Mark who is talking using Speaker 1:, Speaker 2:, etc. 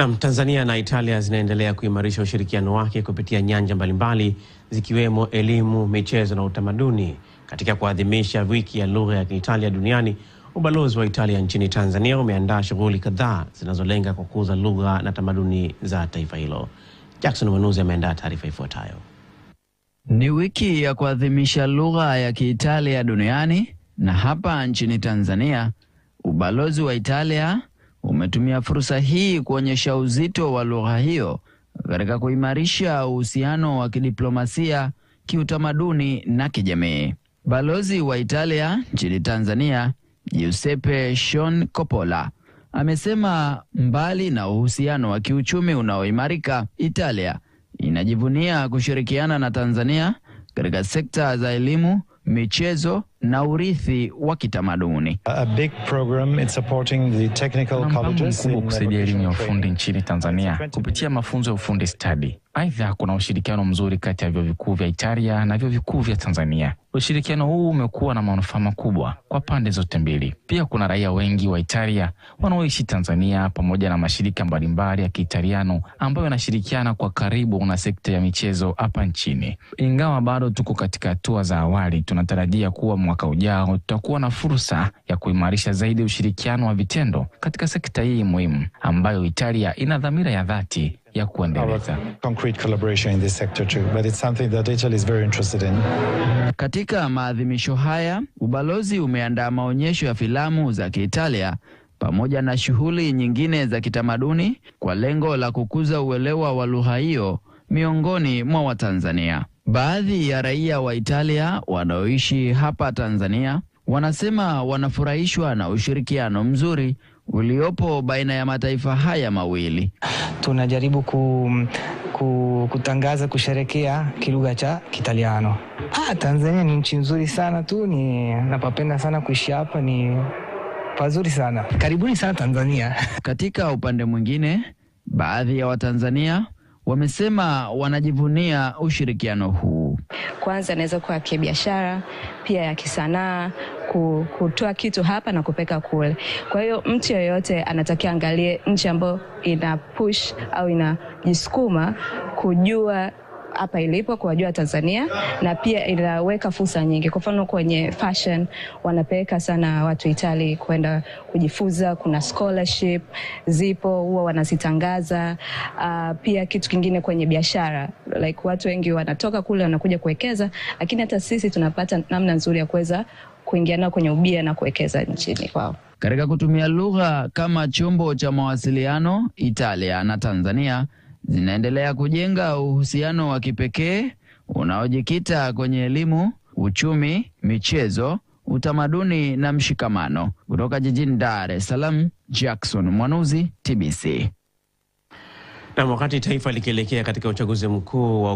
Speaker 1: Naam, Tanzania na Italia zinaendelea kuimarisha ushirikiano wake kupitia nyanja mbalimbali zikiwemo elimu, michezo na utamaduni. Katika kuadhimisha wiki ya lugha ya Kiitalia duniani, ubalozi wa Italia nchini Tanzania umeandaa shughuli kadhaa zinazolenga kukuza lugha na tamaduni za taifa hilo. Jackson Mwanuzi ameandaa taarifa ifuatayo.
Speaker 2: Ni wiki ya kuadhimisha lugha ya Kiitalia duniani na hapa nchini Tanzania, ubalozi wa Italia umetumia fursa hii kuonyesha uzito wa lugha hiyo katika kuimarisha uhusiano wa kidiplomasia, kiutamaduni na kijamii. Balozi wa Italia nchini Tanzania Giuseppe Shon Coppola amesema mbali na uhusiano wa kiuchumi unaoimarika, Italia inajivunia kushirikiana na Tanzania katika sekta za elimu, michezo, na urithi wa kitamaduni.
Speaker 3: Mpango mkubwa
Speaker 1: kusaidia elimu ya ufundi nchini Tanzania kupitia mafunzo ya ufundi stadi. Aidha, kuna ushirikiano mzuri kati ya vyuo vikuu vya Italia na vyuo vikuu vya Tanzania. Ushirikiano huu umekuwa na manufaa makubwa kwa pande zote mbili. Pia kuna raia wengi wa Italia wanaoishi Tanzania pamoja na mashirika mbalimbali ya Kiitaliano ambayo yanashirikiana kwa karibu na sekta ya michezo hapa nchini. Ingawa bado tuko katika hatua za awali, tunatarajia kuwa mwaka ujao tutakuwa na fursa ya kuimarisha zaidi ushirikiano wa vitendo katika sekta hii muhimu ambayo Italia ina dhamira ya dhati ya kuendeleza
Speaker 2: katika maadhimisho haya. Ubalozi umeandaa maonyesho ya filamu za Kiitalia pamoja na shughuli nyingine za kitamaduni kwa lengo la kukuza uelewa wa lugha hiyo miongoni mwa Watanzania. Baadhi ya raia wa Italia wanaoishi hapa Tanzania wanasema wanafurahishwa na ushirikiano mzuri uliopo baina ya mataifa haya mawili.
Speaker 4: Tunajaribu ku, ku, kutangaza kusherekea kilugha cha Kitaliano. Ah, Tanzania ni nchi nzuri sana tu, ni napapenda sana kuishi hapa, ni pazuri sana. Karibuni sana Tanzania.
Speaker 2: Katika upande mwingine, baadhi ya Watanzania wamesema wanajivunia ushirikiano huu.
Speaker 5: Kwanza inaweza kuwa kibiashara, pia ya kisanaa, kutoa kitu hapa na kupeka kule. Kwa hiyo mtu yeyote anatakiwa angalie nchi ambayo ina push au inajisukuma kujua hapa ilipo kuwajua Tanzania, na pia inaweka fursa nyingi. Kwa mfano kwenye fashion wanapeleka sana watu Itali kwenda kujifunza, kuna scholarship zipo huwa wanazitangaza. Uh, pia kitu kingine kwenye biashara like watu wengi wanatoka kule wanakuja kuwekeza, lakini hata sisi tunapata namna nzuri ya kuweza kuingia nao kwenye ubia na kuwekeza nchini kwao.
Speaker 2: Katika kutumia lugha kama chombo cha mawasiliano, Italia na Tanzania zinaendelea kujenga uhusiano wa kipekee unaojikita kwenye elimu, uchumi, michezo, utamaduni na mshikamano. Kutoka jijini Dar es Salaam, Jackson Mwanuzi, TBC. Na wakati taifa likielekea katika uchaguzi mkuu wa